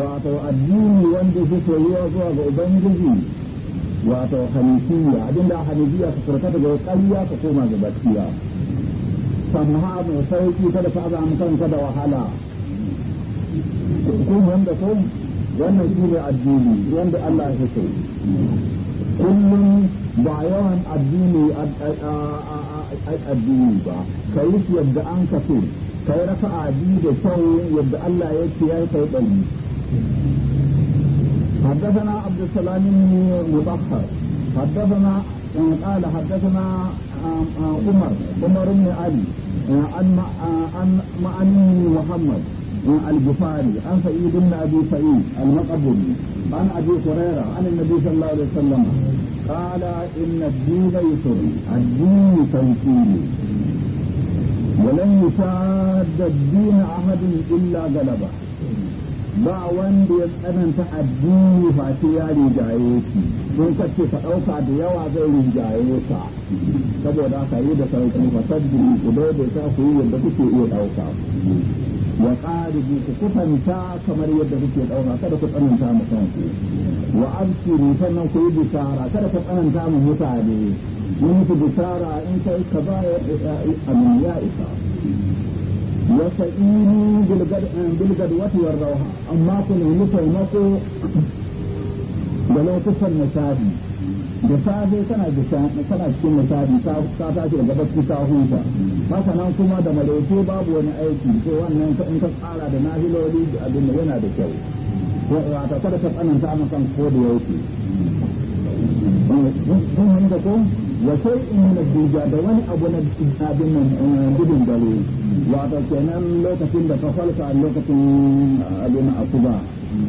wato addini wanda su yiwa zuwa ga ubangiji wato hanifiya abinda hanifiya su furkata ga ƙarya ka koma ga gaskiya samha mai sauki kada ka azama kanka da wahala kun wanda ko wannan shi ne addini wanda Allah ya so kullum ba yawan addini a addini ba ka yi yadda an ka so ka yi rafa adi da kyau yadda Allah ya ce ya yi kai ɗari حدثنا عبد السلام بن مبخر حدثنا قال حدثنا عمر عمر بن علي عن عن معني محمد الجفاري عن سعيد بن ابي سعيد المقبري عن kala هريره عن النبي صلى الله عليه وسلم قال ان الدين يسر الدين تيسير ولن يشاد الدين احد الا غلبه ba wanda ya tsananta addini face ya rijaye shi don kace ɗauka da yawa zai rijaye ka saboda haka yi da sauki fasar ku dai da ta ku yi yadda kuke iya ɗauka wa qaribu ku kufanta kamar yadda kuke dauka kada ku tsananta mu kanku wa abshiru sannan ku yi kada ku tsananta mu mutane mun muku bishara in kai kaza ya amin ya isa wa sa'inu bil gad bil gad wa rawha amma ku ne mutai da lokutan nishadi da safe kana da kana cikin misali ta tashi daga bacci ta huta haka nan kuma da malaiku babu wani aiki ko wannan in ka tsara da nahiloli da abin da yana da kyau ta kada ta tsananta a kan ko da yake Don hanga ko wa sai in na duja da wani abu na abin nan eh, gudun dare wato kenan lokacin da ka falka lokacin eh, abin asuba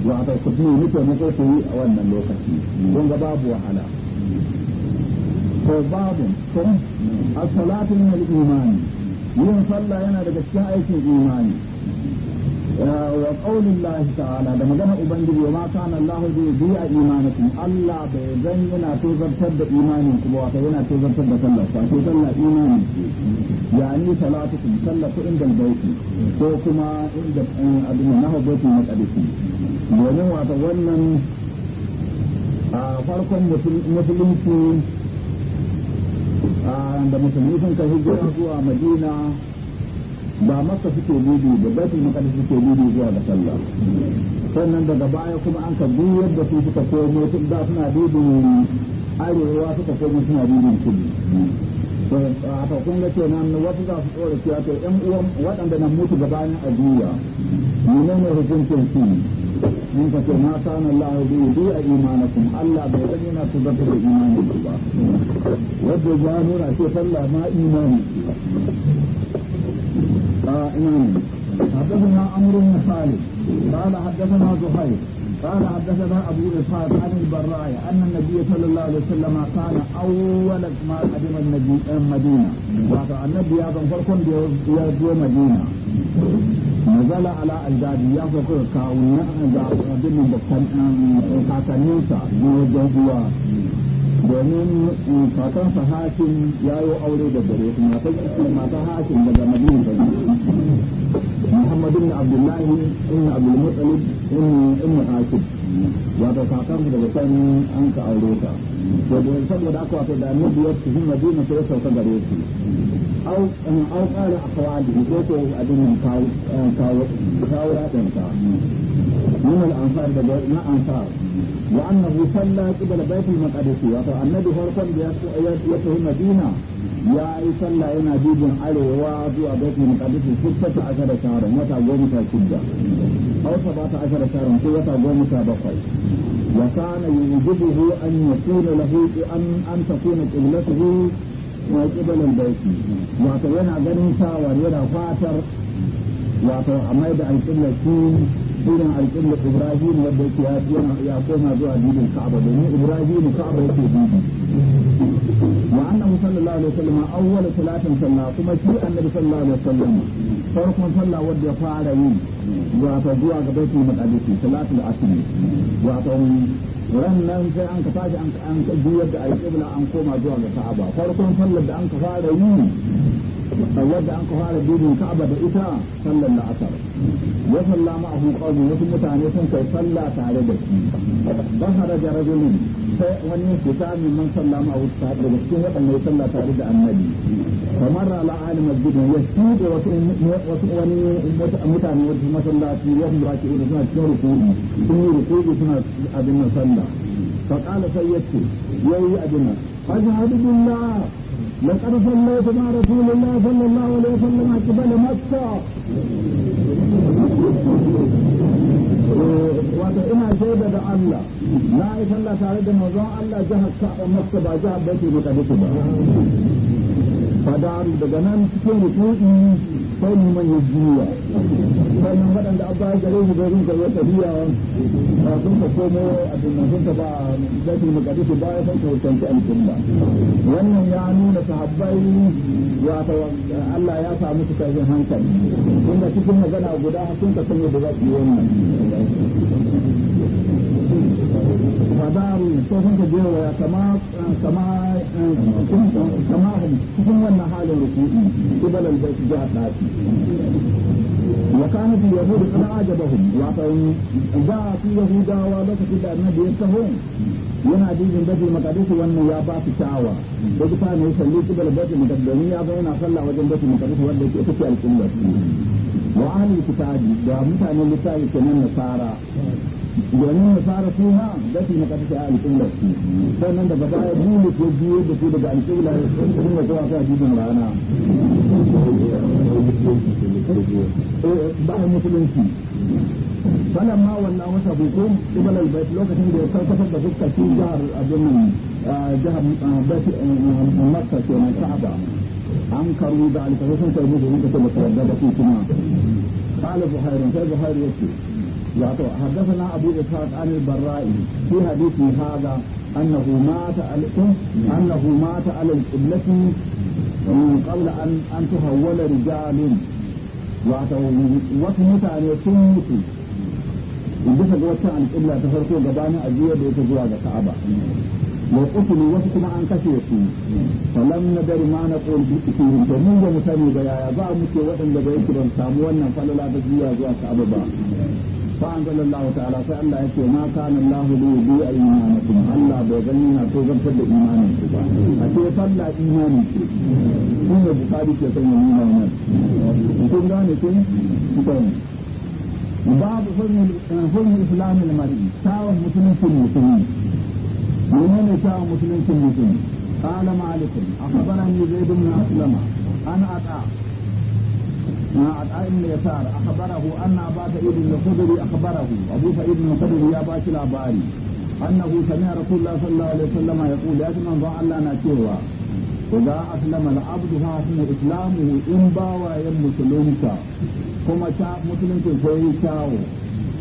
wato ku ne muke muke yi a wannan lokaci don ga babu wahala ko babu ko as-salatu min al yin sallah yana daga cikin aikin imani wa qaulillahi ta'ala da magana ubangiji ma kana Allah bi biya imanikum Allah bai zan yana tozartar da imanin ku ba yana tozartar da sallah ba ko sallah imani ni yani salatukum sallatu inda baiti ko kuma inda eh, abin nahu baiti na kadisi domin wata wannan a farkon musulunci da musulmi sun kai hijira zuwa madina ba maka suke gudu da baitul maqdis suke gudu zuwa ga sallah sannan daga baya kuma an ka duk yadda su suka komo tun da suna dubin arewa suka komo suna dubin kudu to kun ga kenan wasu za su tsora cewa to ƴan uwan waɗanda na mutu da gabanin ajiya menene hukuncin su mun ka ce ma kana Allah bi bi a imanakum Allah bai san yana tabbata da imanin ku ba wanda ya nuna ce sallah ma imani a imani حدثنا عمرو بن خالد قال حدثنا قال حدثنا ابو اسحاق عن البراء ان النبي صلى الله عليه وسلم قال اول ما قدم النبي المدينه النبي هذا فرق يزور مدينه نزل على اجدادي يا فوق كاونا عند عبد من بكان كاكانيسا بوجه domin eh, kakan sa hakim ya yi aure da dare mata hashin daga madina da muhammadu bin abdullahi ibn abdul muttalib ibn ibn hakim wato kakan daga can an ka aure ta to don saboda aka wato da biyar su hin madina sai ya sauka gare shi au an eh, au qala akhwali ko ko abin eh, kawo kawo kawo من الأنصار ما أنصار وأنه صلى قبل بيت المقدس وأنه فرقا يته مدينة يا صلى إنا ديب علي وأبو بيت المقدس ستة عشر شهرا متى قومت الشدة أو سبعة عشر شهرا متى قومت بقي وكان يوجبه أن يكون له أن أن تكون قبلته وقبل البيت وأتينا غنيسة ورينا فاتر وأتينا ميد القبلة shine alƙibla ibrahim wanda yake ya yana ya koma zuwa dibin ka'aba domin ibrahim ka'aba yake dibi wa annahu sallallahu alaihi wasallam awwal salatin sallah kuma shi annabi sallallahu alaihi wasallam farkon sallah wanda ya fara yi wato zuwa ga baitul maqdis salatul asr wato wannan sai an ka tashi an ka juyar da alƙibla an koma zuwa ga ka'aba farkon sallar da an ka fara yi wadda an ka fara dubin ka'aba da ita sallar da asar ya salla ma abu qawmi wasu mutane sun kai salla tare da shi ba haraja rajulun sai wani fita min man salla ma abu daga cikin waɗanda ya salla tare da annabi kamar ala alim masjidin ya shuɗe wasu wani mutane wasu masallaci ya hum raki'un suna cikin rukuni sun yi rukuni suna abin nan salla fa qala sai yace yayi abin nan ajhadu billah لقد صليت مع رسول الله صلى الله عليه وسلم قبل مكه wato ina shaida da Allah na yi sallah tare da manzon Allah jihar Makka ba jihar ba fadaru daga nan cikin rukuni sai mu manya jiya sai nan waɗanda abba ya gare su zai ka yi tafiya ba sun ka komo a dinnan sun ka ba zafi mu kadi su baya sai ka ba wannan ya nuna sahabbai ya ta Allah ya sa musu karfin hankali kun cikin magana guda sun ka sanya da zaki wannan fadaru ko sun ka jewa kama kama kama cikin wannan halin ruku'i kibalan da su ji a ɗaki وكانت اليهود قد أعجبهم وأعطوا جاء في يهودا ولك إلا النبي يستهون yana dinin baji makadisi wannan ya ba su sha'awa da duka ne ya salli kibar baji makadisi ya ga yana sallah wajen baji makadisi wanda yake ita ce al'ummar wa ahli kitabi da mutanen littafi kenan nasara domin nasara su ma baji makadisi a al'ummar su sannan daga baya dole ko biyo da su daga al'ummar su ne zuwa ga dinin rana bayan musulunci falan ma wannan wasa hukum ibal albayt lokacin da ya karkatar da fuska shi jihar abin nan jihar bayt makka ke mai ka'aba an karu da alkafai sun karbi da yanka da karanta da kuma qala buhari sai buhari yake wato haddathana abu ishaq an al-barra'i fi hadithi hadha أنه مات على أنه مات على القبلة قبل أن أن تهول رجال wato wasu mutane sun mutu bisa ga wata al'umma ta farko a ajiyar da yake zuwa ga ka'aba mai kutulu wasu kuma an kashe su falam na dari ma na qul bi to mun ga mutane ba yaya ba mu ce waɗanda bai kiran samu wannan falala ta zuwa zuwa ka'aba ba فأنزل الله تعالى فألا يكي ما كان الله ليضيع إيمانكم ألا بغنينا توقف صد إيمانكم أكي صلى إيمانكم إن البخاري كي يسمى إيمانكم كن داني كن كن باب حلم الإسلام المريض ساوى مسلم في المسلمين ومن هنا ساوى مسلم في المسلمين قال مالك أخبرني زيد بن أسلم أنا أتعب عن يسار أخبره أن أبا سعيد الخدري أخبره أبو سعيد الخدري يا باش الأباري أنه سمع رسول الله صلى الله عليه وسلم يقول يا من ضاع الله ناتيوا إذا أسلم العبد فحسن إسلامه إن باوى يم مسلمك كما شاء مسلمك فيه شاو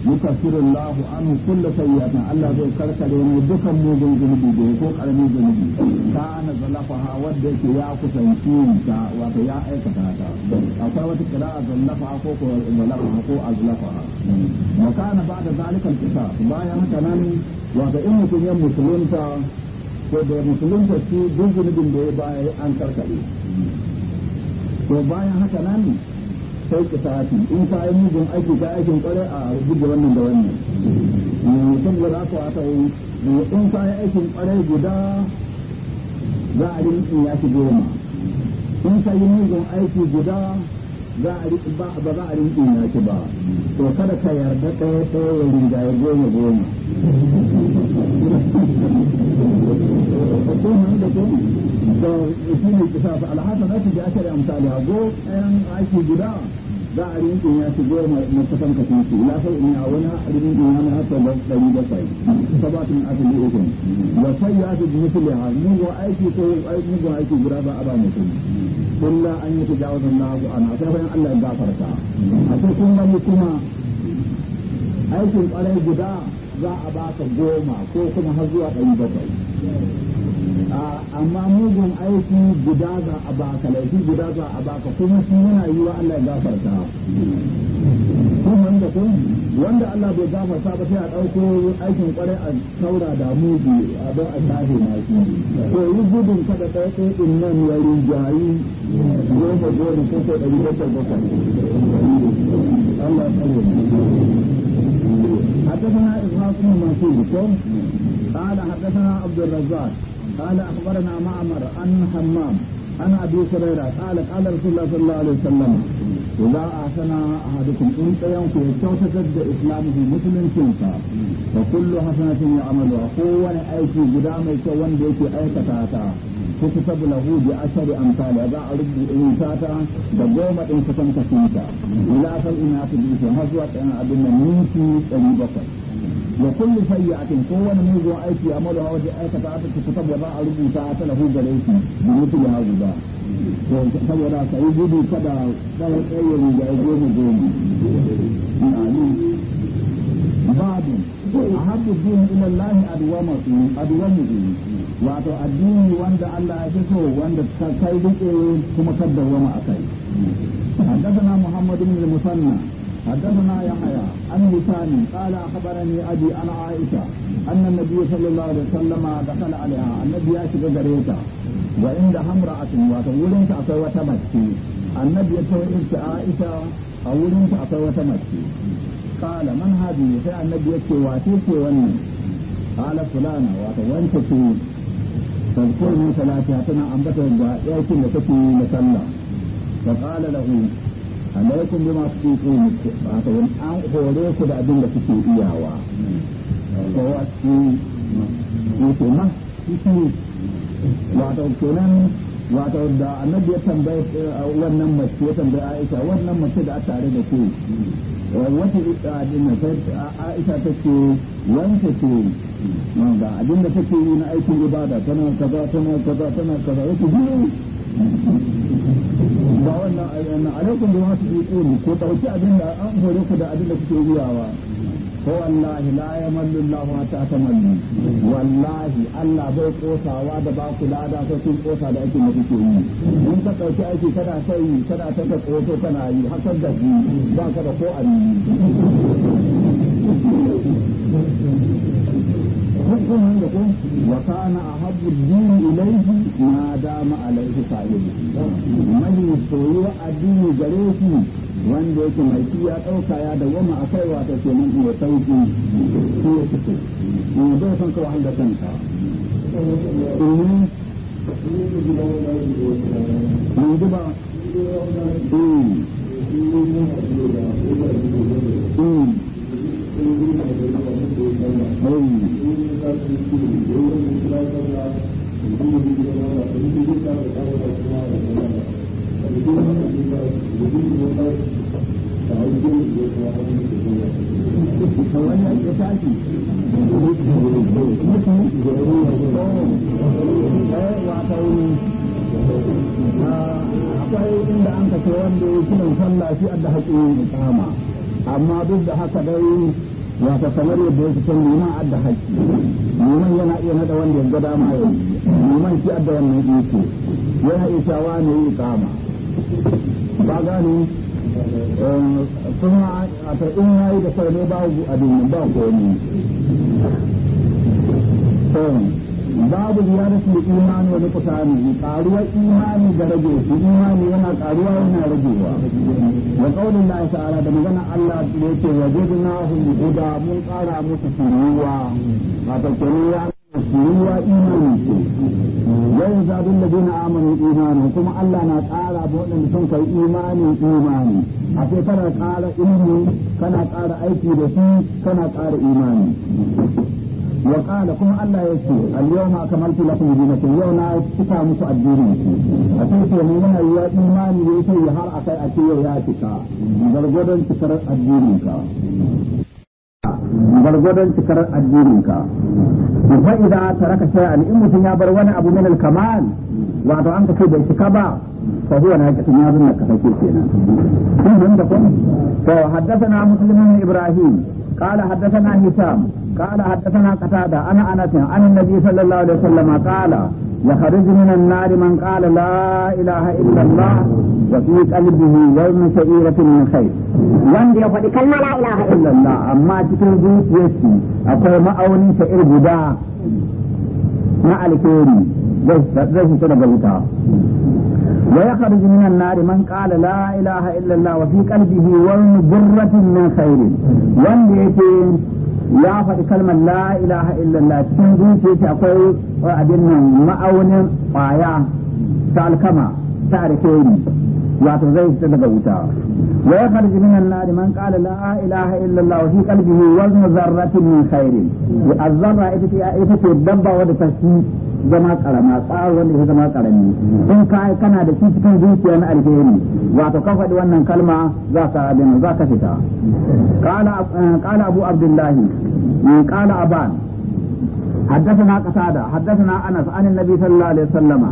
يكفر الله عنه كل سيئة الله زي كركر يوم دكم موجن جنبي به كو قرمي جنبي كان زلفها ودك يا كسنتين تا ويا ايكتاتا أقوى وتكرا زلفها كو زلفها كو أزلفها وكان بعد ذلك الكتاب بايا كنان وإن كن يوم مسلم تا ko da musulun ta ci duk zunubin da ya baya an karkare to bayan haka nan sai ki sa'ati in ka yi mijin aiki ka aikin kware a rubuta wannan da wannan mutum da za ku aka yi in ka yi aikin kwarai guda za a rinki ya shi goma in ka yi mijin aiki guda za a rinki ba ba za a rinki ya shi ba to kada ka yarda ɗaya ɗaya ya rinjaye goma goma kun da kun da shi ne kisa alhassan ake da aka da amsali a go ɗayan aiki guda za a rinkin ya na matakan ka tunci ya sai in ya wani rinkin ya na haka da ɗari da sai sabatun asali ukun wa sai ya su misali ha mugu aiki ko mugu aiki guda ba a ba mutum kulla an yi na. lahu ana sai bayan Allah ya gafarta a sai kun kuma aikin ƙwarai guda za a ba ka goma ko kuma har zuwa ɗari bakwai amma mugun aiki guda za a baka laifi guda za a baka kuma shi yana yi wa Allah ya gafarta kun da kun wanda Allah bai gafarta ba sai a ɗauko aikin kwarai a saura da mugu a don a tafi na shi to yi gudun kada ɗauko ɗin nan ya rijayi goma goma ko da ɗari bakwai bakwai Allah ya tsare حدثنا إسحاق بن منصور قال حدثنا عبد الرزاق قال أخبرنا معمر عن حمام عن أبي هريرة قال قال رسول الله صلى الله عليه وسلم إذا أحسن أحدكم إن ينفي كوسة إسلامه مسلم تنفى فكل حسنة يعملها هو في قدام يكون بيتي أي كتاتا تكتب له بعشر أمثال إذا أرد إنساتا دقومة إن كتمت فيك إلا فالإناث بيتي هزوة أبن منك أبي بكر wa kullu sayyi'atin ko wani mugun aiki a mala wajen aikata aka ci kusa ba a rubuta ta lahu gare shi da ya guda saboda ka yi gudu kada tsawon tsayin da ya goma goma babu biyu ila lahi aduwamu addini wanda Allah ya so wanda kai rike kuma kaddawama a kai حدثنا محمد بن المثنى حدثنا يحيى عن هشام قال اخبرني ابي عن عائشه ان النبي صلى الله عليه وسلم دخل عليها النبي يشبه غريتا وعندها امراه وتقولين تعطي وتمشي النبي يقول انت عائشه او انت تعطي وتمشي قال من هذه sai annabi yake wace ce wannan qala fulana wato wanda ce tazkuru salatiha tana ambata da yakin da take na sallah fa qala lahu alaikum bima ta wato an hore ku da abin da kuke iyawa ko wasu yake ma shi wato kenan wato da annabi ya tambaye eh, wannan mace ya tambaye Aisha wannan mace da a tare da ke wata adina Aisha take wanda ce wanda abin da take yi na aikin ibada tana kaza tana kaza tana kaza yake biyu ba wannan ayyana alaikum bima tuqulu ko dauki abin da an hore ku da abin da kuke yi riyawa ko wallahi la ya yamallu Allahu ta mallu wallahi Allah bai kosawa da ba ku lada ko kun kosa da ake da kuke yi mun ka dauki aiki kana ta yi kana ta ka koso kana yi hakan da ba ka da ko abin وكان أحب الدين إليه ما دام عليه صاحبه من يستوي الدين جريسي wanda yake mai shi ya ɗauka ya dawwama a kai wata ce nan iya sauki ya fito ne zai san kawai an amma duk da haka dai wata kamar yadda ya can neman adda haƙƙi neman yana iya naɗa wanda ya gada ma yau neman shi adda wannan iko yana iya shawa ne yi kama ba gani eh, kuma a tarɗin ya yi da sauran babu abin ba komi babu ziyarar su imani wani kusani karuwar imani da rage su imani yana karuwa yana ragewa wa kaunin da ta'ala da magana Allah da yake wajidna hum huda mun kara musu shiruwa wato kenan ya shiruwa imani ce yau zabin da dina amanu imani kuma Allah na kara waɗanda sun kai imani imani a ce kana kara ilimi kana tsara aiki da shi kana tsara imani ya da kuma Allah ya ce al-yawma akmaltu lakum dinakum yau na cika muku addini a sai yana yi imani ya sai har akai a ce ya cika gargadon cikar addinin ka gargadon cikar addinin ka amma idza taraka shay'an in mutum ya bar wani abu min al-kamal wato an kace bai cika ba fa huwa na cikin yazun da kake kenan to haddathana muslimun ibrahim قال حدثنا قتادة أنا أنس عن النبي صلى الله عليه وسلم قال يخرج من النار من قال لا إله إلا الله وفي قلبه يوم شعيرة من خير وان دي يفضي كلمة لا إله إلا الله أما تكون دي يسي أقول ما أولي شعير بدا ما الكوري zai fito daga wuta wa ya kharju min an-nar man qala la ilaha illa allah wa fi qalbihi wa burratin min khairin wanda yake ya faɗi kalmar la ilaha illallah cikin zuciya ce akwai abin nan ma'aunin ƙwaya ta alkama ta alkhairi wato zai fita daga wuta wa ya farji min annari man qala la ilaha illallah fi qalbihi wazn zarratin min khairin azzarra ita ce dabba wadda ta zama karama tsaro wanda ya zama karami in ka kana da shi cikin zuciya na alheri wato ka faɗi wannan kalma za ka abin za ka fita qala qala eh, abu abdullah qala eh, aban حدثنا قتادة حدثنا أنس عن النبي صلى الله عليه وسلم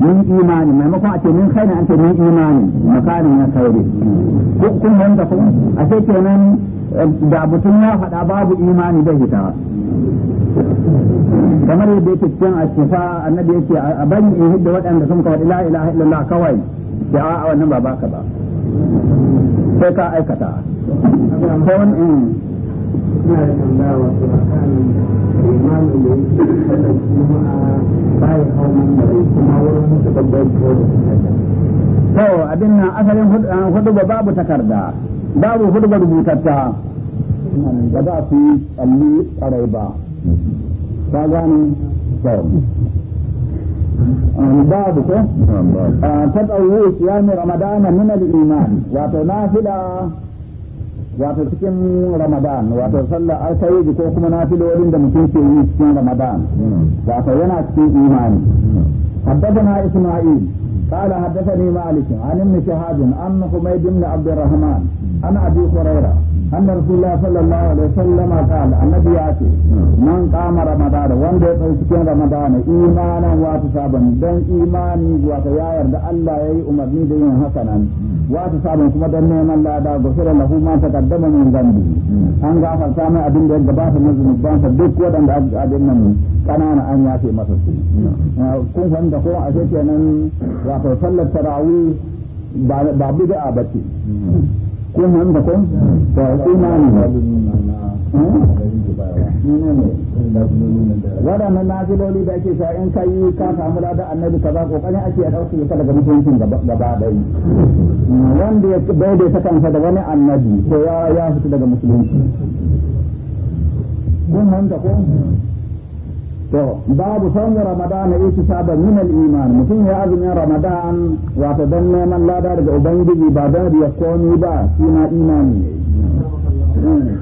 من إيمان ما مكو من خير أنت من إيمان مكان من الخير كل من تقول أتيت من دابتنا فدا باب إيمان بهتا kamar yadda yake cikin ashifa annabi yake a bari in hidda waɗanda sun kawai ila ila ilaha illallah kawai ya a wannan ba baka ba sai ka aikata sai wani in mm. to abin nan asalin eh, hudu babu takarda babu hudu rubutatta ba za su yi tsalli ƙarai ba ka gane babu ko ta ɗauyi ramadana min al-iman wato cikin ramadan wato sallar alkayi ko kuma nafilolin da mutum ke yi cikin ramadan wato yana cikin imani حدثنا إسماعيل قال حدثني مالك عن ابن شهاب عن حميد بن عبد الرحمن عن أبي أن رسول الله صلى الله عليه وسلم قال النبي يأتي من قام رمضان وان دي تسكين رمضان إيمانا واتصابا دن إيماني واتيا يرد الله يأي أمرني دين حسنا واتصابا كما دن نعم الله دا غفر له ما تقدم من ذنبه أن غافر سامي أدن دي قباس مزم الدان فدك ودن أدن من كانان أن يأتي مصر كن فان قوة أشيكي أن واتو صلى التراوي ba bid'a ko nan da ko da su na ne waɗannan nasiloli da ake sa in kayi ka samu ladan annabi ka ba kokarin ake a ɗauki ka daga mutuncin gaba ɗaya wanda ya daidaita kansa da wani annabi to ya fita daga musulunci kun nan da ko to babu ramadan ramadana yake saba min al-iman mutum ya azumin ramadan wato dan neman lada daga ubangiji ba dan riya komi ba shi ma imani ne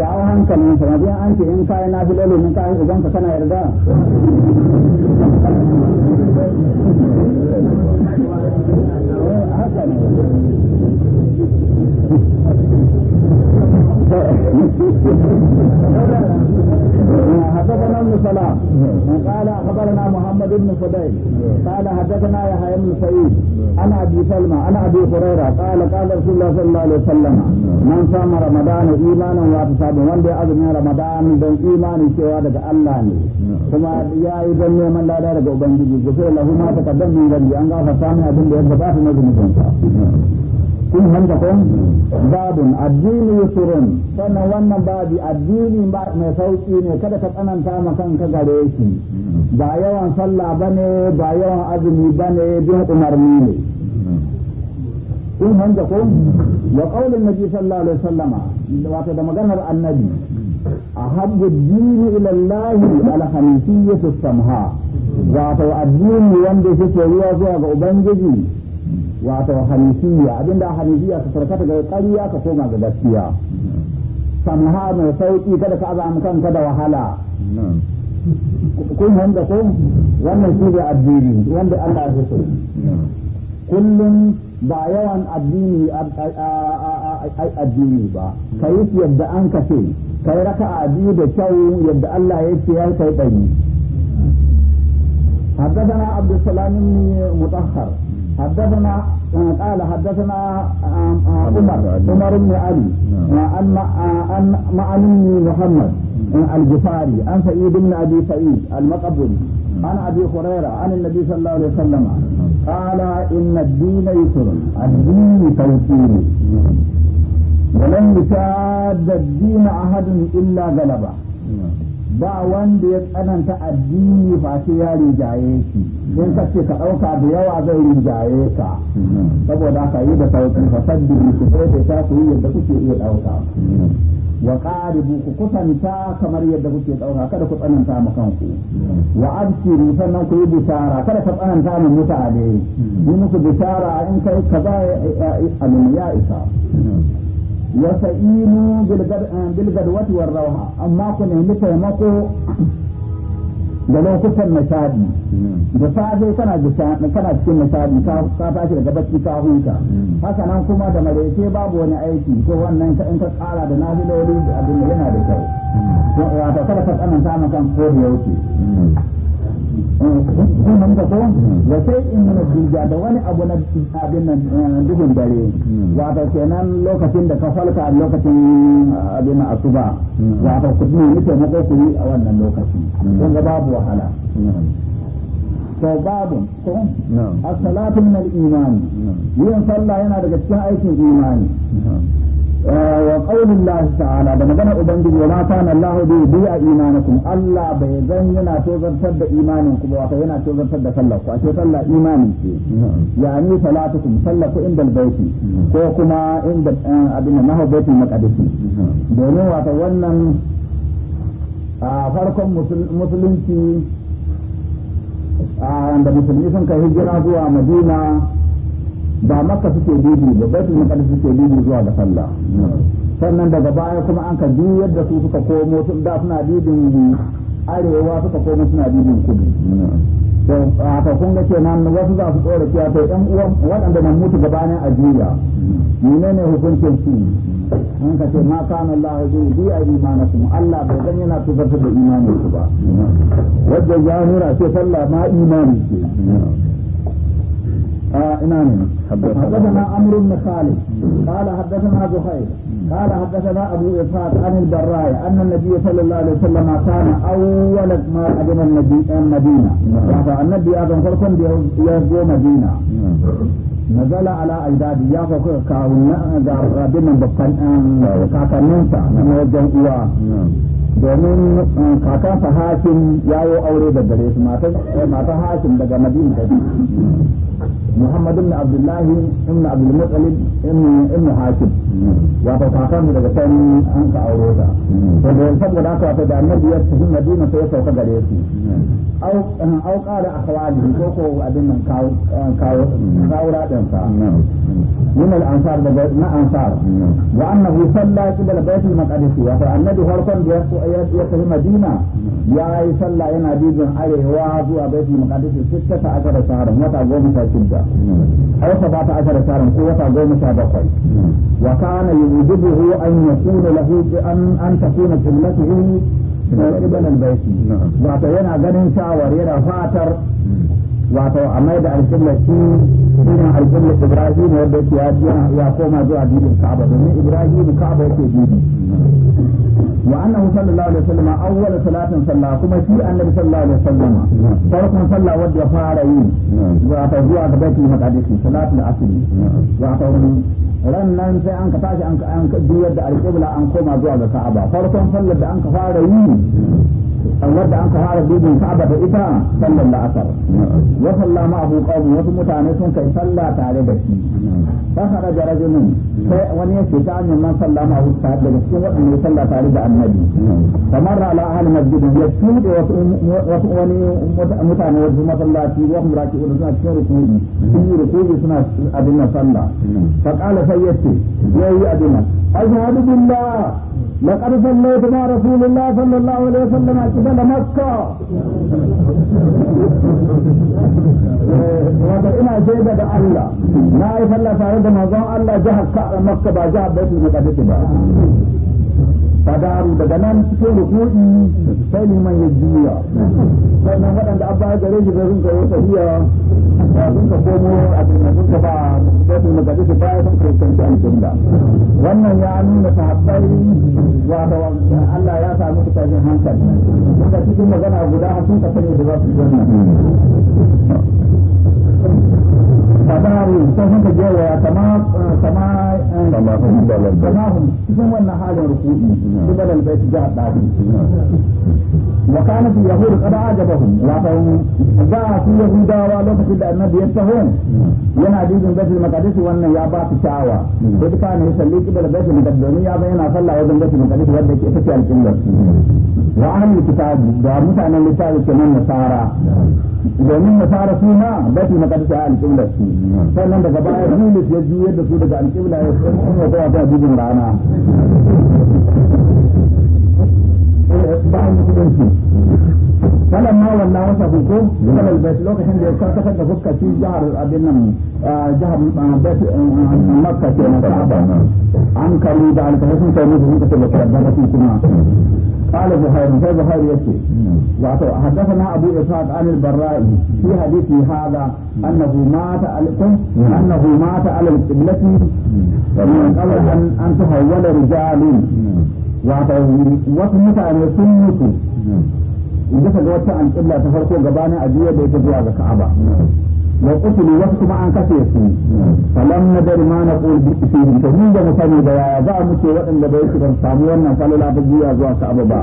jawo hankalin sa mabiyan an ce in kayan na lalo mun kayan ubanka kana yarda haka ne حدثنا ابن سلام قال اخبرنا محمد بن فضيل قال حدثنا يحيى بن سعيد انا ابي سلمى انا ابي هريره قال قال رسول الله صلى الله عليه وسلم من صام رمضان ايمانا واحتسابا من دي اذن رمضان دون ايمان cewa دك الله ني كما يا yi من لا lada daga ubangiji ku sai تقدم من taqaddam ان غفر gafarta ابن abin da ya gabata na kun hanta ko babun addini yusrun sannan wannan babi addini ba mai sauki ne kada ka tsananta ma kanka gare shi ba yawan sallah bane ba yawan azumi bane bin umarni ne kun hanta ko wa qaulin nabi sallallahu alaihi wasallama wato da maganar annabi ahabbu ad-dini ila Allah al-hamisiyyatu samha wato addini wanda yake ruwa zuwa ga ubangiji wato hanifiya abinda hanifiya ka sarkata ga ƙarya ka koma ga gaskiya samha mai sauƙi kada ka azamu kanka da wahala kun hanga ko wannan shi ne addini wanda Allah ya so kullum ba yawan addini addini ba kai yadda an kace kai raka'a biyu da kyau yadda Allah ya ce kai kai ɗari حدثنا عبد السلام بن مطهر حدثنا قال حدثنا عمر عمر بن علي عن عن معلم محمد الجفاري عن سعيد بن ابي سعيد المقبري عن ابي هريره عن النبي صلى الله عليه وسلم قال ان الدين يسر الدين توكيل ولن يشاد الدين احد الا غلبه ba wanda ya tsananta addini ba sai ya rijaye shi in ka ce ka ɗauka da yawa zai rijaye ka saboda ka yi da sauki fa sabbi ku sai da ku yi yadda kuke iya ɗauka wa qaribu ku kusanta kamar yadda kuke ɗauka kada ku tsananta ma kanku wa abshiru sannan ku yi bishara kada ka tsananta ma mutane yi muku bishara in kai kaza eh, eh, a ya isa وسئينوا بالقدوة amma أما كن taimako da lokutan nishadi da safe kana cikin nishadi ka tashi daga bacci ta huta haka nan kuma da maraice babu wani aiki to wannan in ka tsara da nafiloli abin yana da kyau wato kada ka tsananta maka ko da yauke ko wa sai in mun duja da wani abu na abin nan duhun dare wato kenan lokacin da ka falka lokacin abin asuba wato ku ne taimako ku yi a wannan lokaci don ga babu wahala babu ko as-salatu min al-iman yin sallah yana daga cikin aikin imani وقول الله تعالى da magana ubangiji wala kana Allah bi bi'a imanakum Allah bai zan yana tozartar da imanin ku wato yana tozartar da sallar ku ashe sallah imani ce yani salatukum sallatu inda albayti ko kuma inda eh, abin mahu baitul maqdis domin wato wannan a farkon musulunci Wanda musulmi sun kai hijira zuwa Madina Da maka suke dubi ba maka da suke dubi zuwa ga sallah sannan daga baya kuma an ka bi yadda su suka komo sun da suna dibin arewa suka komo suna dibin kudu to haka kun ga kenan wasu za su tsora kiya to ɗan uwan waɗanda na mutu gabanin ajiya menene hukuncin su an ka ce ma kana Allah zai bi a imanakum Allah bai zan yana tuzarta da imanin su ba wajen ya nuna ce sallah ma imani ce ina ne حدثنا عمرو بن خالد قال حدثنا زهير قال حدثنا ابو اسحاق عن البراء ان النبي صلى الله عليه وسلم كان اول ما قدم النبي المدينه فالنبي اعظم فرقا يهجو مدينه نزل على اجدادي يا فوق كاونا غرابين من بكان كاكانينسا من وجن ايوا domin kakansa hakim ya yi aure da dare su mata hakim daga madina محمد بن عبد الله بن عبد wata بن بن حاتم wato kakan mu daga can an ka aure ta to da saboda haka wato da annabi ya tafi madina sai ya sauka gare su au eh, au qala akhwali ko ko abin nan kawo eh, kawo kawo radin sa من الأنصار ما أنصار وأنه صلى قبل بيت المقدس فالنبي فرقاً يقف مدينة يا صلى إن أبيض عليه وعزو بيت المقدس ستة عشر شهرا وطا قوم شدة أو سبعة عشر شهرا قوة قوم شابقي وكان يوجبه أن يكون له أن, أن تكون قبلته قبل البيت وأتينا غنم شاور يرى فاتر wato a mai da alƙibla shi irin alƙibla ibrahim wanda yake ya ya koma zuwa bibin ka'aba domin ibrahim ka'aba yake bibi wa annahu sallallahu alaihi wasallam awwal salatin sallah kuma shi annabi sallallahu alaihi wasallam farkon sallah wanda ya fara yi wato zuwa ga baitul maqdis salatul asr wato ran nan sai an ka tashi an ka juyar da alƙibla an koma zuwa ga ka'aba farkon sallar da an ka fara yi wadda an kawo da bidin ka'aba da ita sallar la'asar wa salla ma'ahu qawmi wasu mutane sun kai salla tare da shi fa kharaja rajulun sai wani ya fita an man salla ma'ahu tare da cikin wadanda ya salla tare da annabi kamar ala ahli masjid ya tude wasu wasu wani mutane wasu masallaci wa hum raki'un suna cikin rukuni sun yi rukuni suna abin nan salla fa qala sai yace yayi abin nan ashhadu billah laqad sallaita ma rasulullah sallallahu alaihi wasallam shiga da makka wata ina shaida da Allah na yi sallah da manzon Allah jihar makka ba jihar baitul maqdis ba fadaru daga nan cikin rukuni sai liman ya juya sannan waɗanda abba gare shi sai sun kawo tafiya sun ka komo a cikin sun ka ba sai sun ka dace ba sun kai kan alƙibla wannan ya nuna sahabbai wato Allah ya sa musu hankali daga cikin magana guda sun ka sani da za su yi wannan فداروا سوف تجاوى كما كما كما هم كما هم cikin wannan halin ruku'i kibal albayt ja'a dadi وكانت اليهود قد أعجبهم وعطاهم جاء في يهودا لوكة النبي يتهم ينا دي من بيت المقدس وانا يا بات شاوى إذ كان يصلي قبل بيت المقدس يا بينا صلى وزن بيت المقدس ودك إفتي الكلة وأهل الكتاب ومتعنى الكتاب كمان نصارى domin mu fara suna ba su makadisa a alƙiblar su sannan daga baya Yunus ya juyar da su daga alƙibla ya kuma kowa ta bibin rana bayan musulun su kalan ma wannan wasa hukum kalan bai lokacin da ya karkatar da fuska ci jihar abin nan jihar makka ke na sa'aba an karu da alkahar sun kai musu sun da kuma قال البخاري في البخاري يكفي وحدثنا ابو اسحاق عن البراء في حديثه هذا انه مات على انه مات على القبلة ومن قبل ان ان تهول رجال wasu mutane sun mutu in bisa ga wata alƙibla ta farko gabana a jiya da وقتلوا وقتما عن كثيرتي فلم ندر ما نقول فيهم تهمين ده مسامي ده يا ذا مكي وإن ده بيشكا صامونا فلو لا تجيها زوا سأببا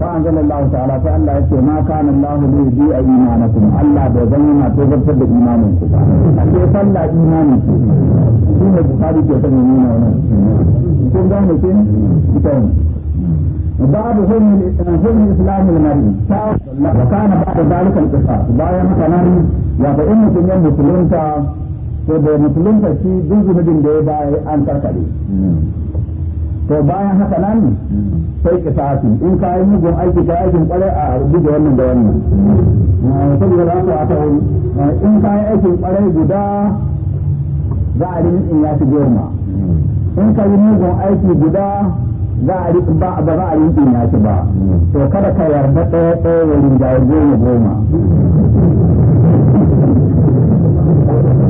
فانزل الله تعالى فان لا يكي ما كان الله ليجيء ايمانكم ألا بيظننا توقف تبدأ إيمانكم صلى إيمانكم شين البخاري كي يتبع إيماننا شين ده نكين كتاب بعد هم هم الإسلام المريض وكان بعد ذلك القصاص بايا مثلا ya ba in mutum ya musulunta to da musulunta shi duk zunubin da ya bayar an karkare to bayan haka nan sai sa'asi in ka yi mugun aiki ka aikin kwarai a rubuta wannan da wannan eh, saboda za a ta in ka yi aikin kwarai guda za a rin in ya fi goma in ka yi mugun aiki guda za a rin ba ba za a rin in ya fi ba to kada ka yarda ɗaya ɗaya ya rinjaye goma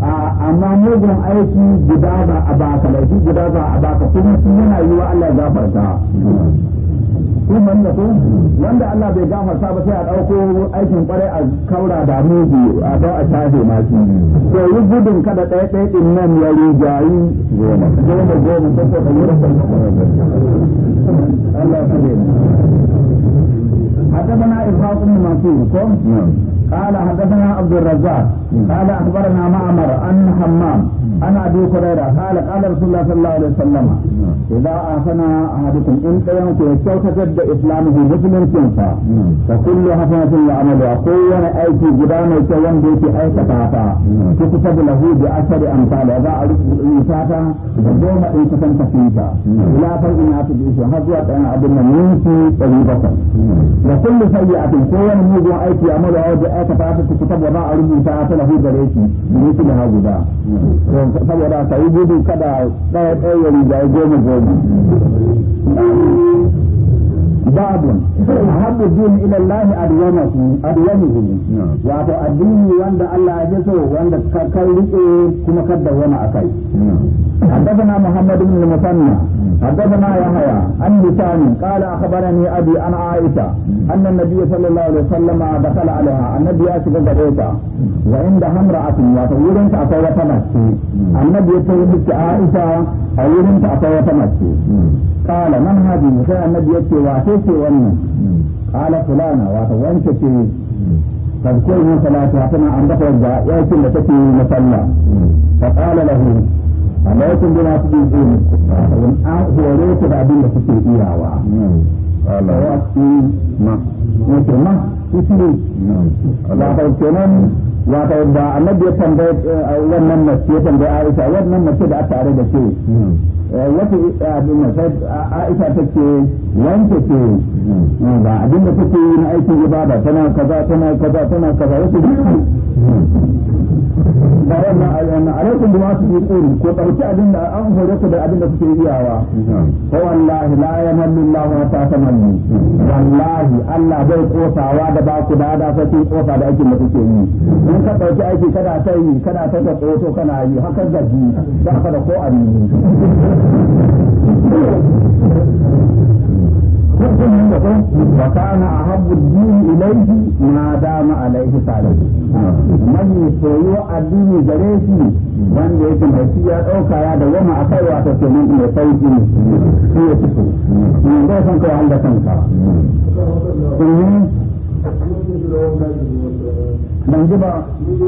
amma mugun aiki guda ba a baka laifi guda ba a baka kuma shi yana yi wa Allah gafarta kun da ko wanda Allah bai gafarta ba sai a dauko aikin kwarai a kaura da mugu a ba a shafe ma shi to yi gudun kada ɗaya ɗaya din nan ya rigayi goma goma goma ko ko yi rasa Allah ya kare mu حدثنا إسحاق بن منصور قال حدثنا عبد الرزاق قال اخبرنا معمر ان حمام عن ابي هريره قال قال رسول الله صلى الله عليه وسلم إذا أعطنا أحدكم إن تيمك يتوتد إسلامه مسلم كنفا فكل حسنة يعمل أقوى أيتي جدام يتوان بيتي أي كتاتا تكتب له بأشر أمثال إذا أردت إنساتا دوم إنساتا كثيرا لا فرق أعطي بإسو حزوة أنا أبنى منك طريقة وكل سيئة قوة نموذ أيتي عمل أو أي كتاتا تكتب وضع أردت إنساتا له بريتي مثل هذا فبدا سيبدو كذا لا يتأيي رجاء جوم da goma باب أحب الدين إلى الله أدومه أدومه وأتو الدين وند الله أجسه وند كالرئي كما كده وما أكي حدثنا محمد بن المثنى حدثنا يحيى عن هشام قال اخبرني ابي عن عائشه ان النبي صلى الله عليه وسلم دخل عليها النبي اشبه غريتا وعندها امراه وتقولين تعطي وتمشي النبي يقول لك عائشه قولين تعطي وتمشي قال من هذه فيها النبي يقول واتيتي ونن قال فلانه وتوانتك تذكرني صلاتها كما عندك وجه يا كل تكي مسلى فقال له malaikun da za su bi zo ne a hore ku da abin da kuke iyawa Allah ma wato ma su shi ne wato kenan wato da annabi ya tambaye eh, wannan mace ya tambaye Aisha wannan mace da aka tare da ke hmm. eh, wata eh, abin da Aisha take wanke ke hmm. Hmm, ba abin da take yi na aikin ibada tana kaza tana kaza tana kaza wato da wannan alaikum bima tuqulu ko barki abin da an hore ku da abin da kuke iyawa ko wallahi la yamallu Allah wa ta tamallu wallahi Allah bai kosawa da ba ku da da sai kosa da ake da kuke yi in ka dauki aiki kada ta yi kada ta ta koto kana yi haka gaji ba ka da ko abin kun mun da ban a habbul dini ilayhi dama alayhi salih man ne koyo addini gare wanda ya dauka ya da ya fito mun ga san kawai ban ji ba wannan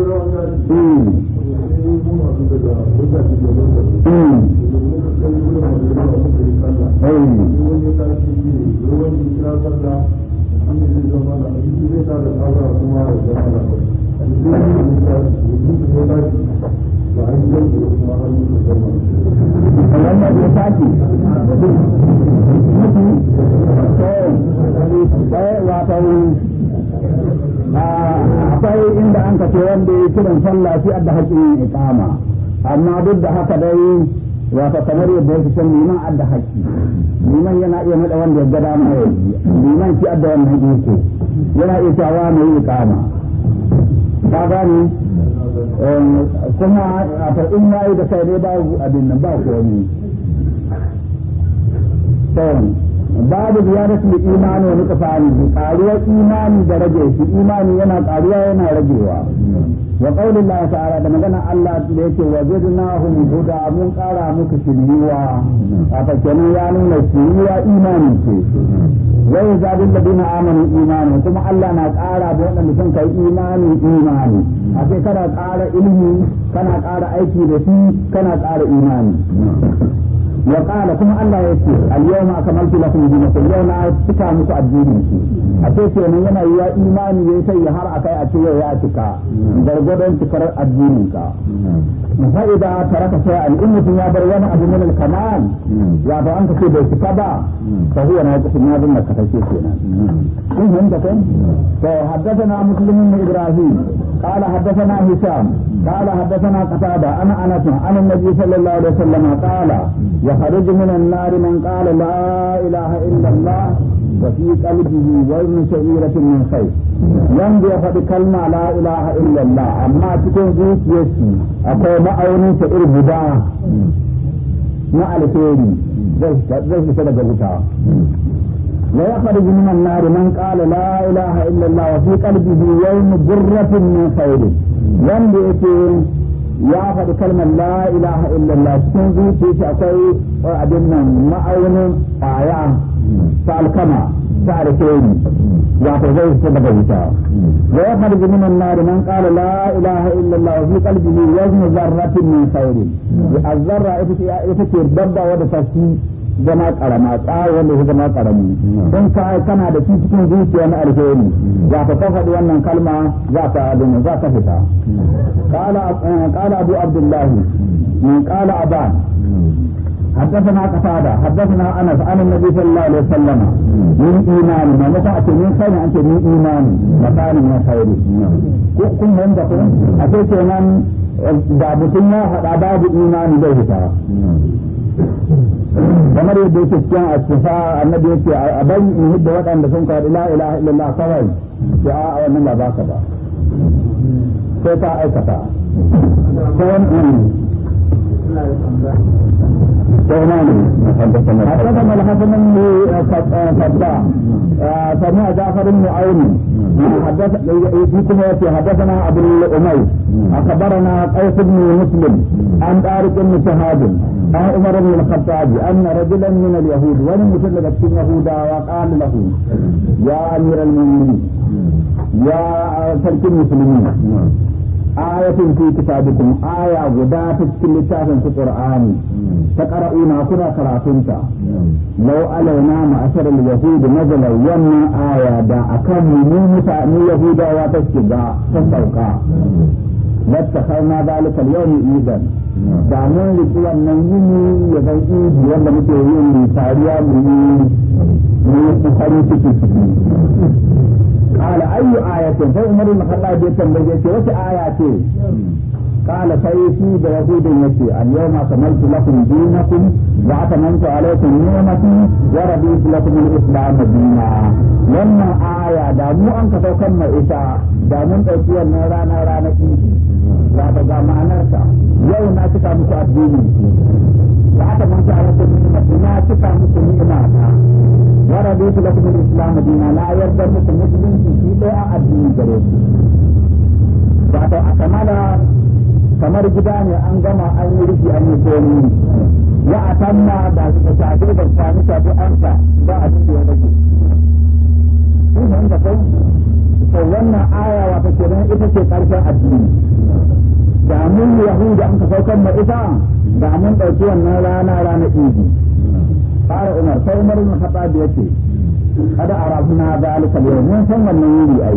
ya tashi wato Ah, akwai inda an kace wanda ya kiran sallah shi adda haƙƙin yin iqama amma duk da haka dai wato kamar yadda yake san liman adda haƙƙi liman yana iya nada wanda ya gada dama liman shi adda wannan iko yana iya cewa mai iqama ka gane um, kuma a far'in yayi da kai ne ba abin nan ba komai babu ziyarar da imani wani kafani karuwar imani da rage shi imani yana karuwa yana ragewa wa qaulin la ta'ala da magana Allah da yake wa zidnahum huda mun kara muku shiriwa a fakkeni ya nuna shiriwa imani ce wa yazadul ladina amanu imani kuma Allah na kara da wadanda sun kai imani imani a kana kara ilimi kana kara aiki da shi kana kara imani waƙa ne kuma an laye ki aliyahu na aka malal filawo na ta muku addinin na ta na ta na ta na ta na ta na ta a ta na ta na ta na ta na فإذا ترك شيئا إن متن يا بريان أبو من الكمال يا أبو أنت في بيت كبا فهو ناقص ما ظن كفشي فينا إن عندكم فحدثنا مسلم بن إبراهيم قال حدثنا هشام قال حدثنا قتادة أنا أنس عن النبي صلى الله عليه وسلم قال يخرج من النار من قال لا إله إلا الله وفي قلبه وزن شعيرة من خير ينبي قد كلمة لا إله إلا الله أما تكون جيت يسي أقول ما أوني شعير بدا ما الفيري زي سبب الغتاء لا يخرج من النار من قال لا إله إلا الله وفي قلبه يوم ذرة من خير ينبي ya faɗi kalmar la ilaha illallah cikin zuciyarsa akwai abin nan ma'aunin ƙwaya فالكما فالكين واتزوج تبغيتا ويخرج من النار من قال لا اله الا الله في قلبه وزن ذرة من خير الذرة اتتي الضبة ودفتي zama karama tsari wanda ya zama karami don ka kana da shi cikin zuciya na alheri za ka faɗi wannan kalma za ka abin za ka fita qala abu abdullahi min qala aban حدثنا قتادة حدثنا أنس عن النبي صلى الله عليه وسلم من إيمان ما نفعت من خير أنت من إيمان مكان من خير كم من دقون أتيت من سنة أباب إيمان بيهتا kamar yadda yake cikin asifa annabi yake a bai in hidda waɗanda sun kawo la ilaha illallah kawai to a wannan ba ba sai ka aikata ko wani حدثنا الحسن بن صداع سمع جعفر بن عون حدثنا حدثنا ابو الاميس اخبرنا قيس بن مسلم عن طارق بن شهاب عن عمر بن الخطاب ان رجلا من اليهود ولم يسلم في اليهود وقال له يا امير المؤمنين يا سلك المسلمين ayatin fi kitabikum aya guda ta cikin littafin su qur'ani ta qara'una kuna karatunta law alaina ma'ashar al-yahud nazala wannan aya da akan mu mutane yahudawa ta shiga ta sauka لاتخذنا al-yawm idan da mun riki wannan yini ya zan idi wanda muke yin tariya mu yi mu yi farin ciki ciki قال أي آية فعمر المخلى بيتم بيجي وش آية قال سيفي بيزيد يسي اليوم أكملت لكم دينكم وأتممت عليكم نعمتي ورضيت لكم الإسلام دينا لما آية دامو أنك تكمل إشاء دامو أنك النيران رانا إيدي لا تجمع نرسى يوم أتكا مكو أديني da haka mun sa wasu na cika muku ni'ima na wa raditu lakum al-islam dinan na yarda muku musulunci shi dai a addini gare ku wato a kamala kamar gida ne an gama an yi rufi an yi komi ya a tamma da su ta shafe da sami shafe ansa ba a cikin ya rage kun san da kai to wannan aya wata kenan ita ce karshen addini da mun yahuda an ka saukar ma ita da mun ɗauki wannan rana rana idi fara umar sai umar bin khattab yace kada arafna zalika al-yawm mun san wannan yini ai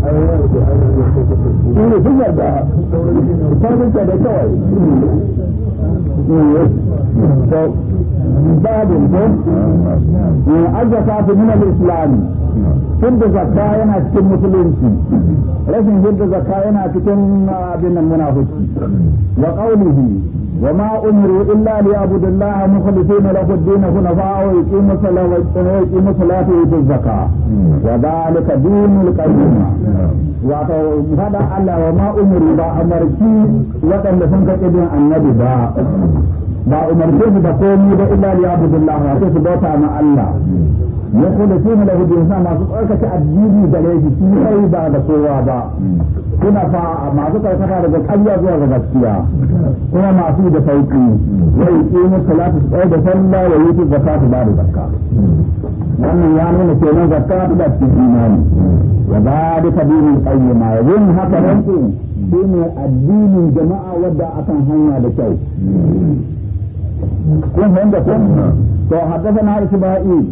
shi ne sun yarda kwanuka da kawai babin ko azzaka fi min al-islam hidda zakka yana cikin musulunci rashin hidda zakka yana cikin abin nan munafiki wa وما أمروا إلا ليعبدوا الله مخلصين له الدين حنفاء ويقيموا الصلاة ويقيموا الصلاة ويؤتوا الزكاة وذلك دين القيم وهذا الله وما أمروا با أمرتي وكان لسنك ابن النبي با ba umarce su da komi ba illa li abudullah wato su bauta ma Allah ya kula su ne da hujjinsa masu tsarkake addini da laifi shi kai ba da kowa ba kuna fa masu karkata daga ƙarya zuwa ga gaskiya kuma masu da sauki wai yuqimu salatu tsaye da sallah wa yuti zakatu ba da zakka wannan ya nuna kenan zakka da cikin imani wa zalika dinul qayyima yin haka nan shine addinin jama'a wadda akan hanya da kyau kun fahimta ko to haddathana isma'il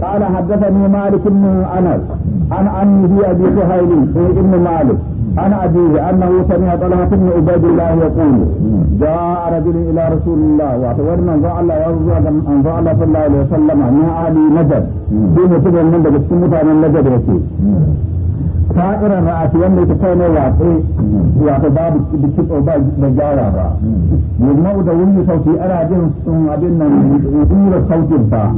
قال حدثني مالك بن انس عن عمه ابي سهيل بن مالك عن أبيه أنه سمع طلحة بن عبيد الله يقول جاء رجل إلى رسول الله وأعتبر من فعل يرضى من فعل صلى الله عليه وسلم من علي نجد في مسجد النجد في مسجد النجد يقول sa'irar ra'asi wanda yake kai ne watsi wato babu kitso ba da gyara ba yamma da wuri sauki ana jin sun abin nan dura sautin ba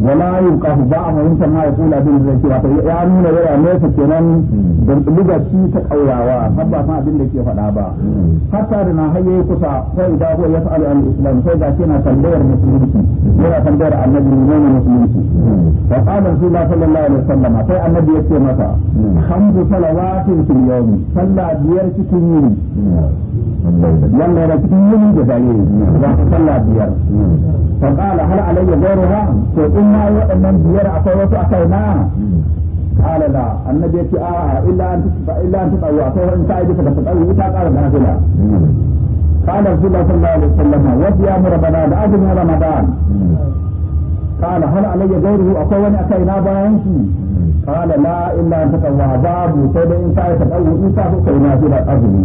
wala yuqahu ba a fahimtar ma mai kula bin zai ce wato ya nuna yana nesa kenan da shi ta kaurawa har ba san abin da ke faɗa ba hatta da na haye kusa sai da ko ya sa'al an islam sai ga na tambayar musulunci yana tambayar annabi ne musulunci fa qala rasulullahi sallallahu alaihi wasallam sai annabi ya ce masa hamdu salawatin fil yawmi sallah biyar cikin yini wannan yana cikin da dare za ka sallah biyar fa qala hal alayya ghayruha to in ma waɗannan biyar akwai wasu akai na qala la annabi yace a illa an illa an tsawu akwai in sai duka ta tsawu ta ƙara da nafila qala rasulullah sallallahu alaihi wasallam wa siyamu ramadan da azumin ramadan qala hal alayya ghayruhu akwai wani akai na bayan shi قال لا إلا أن تطوع باب سيد إن شاء تطوع إن شاء فكينا في الأرض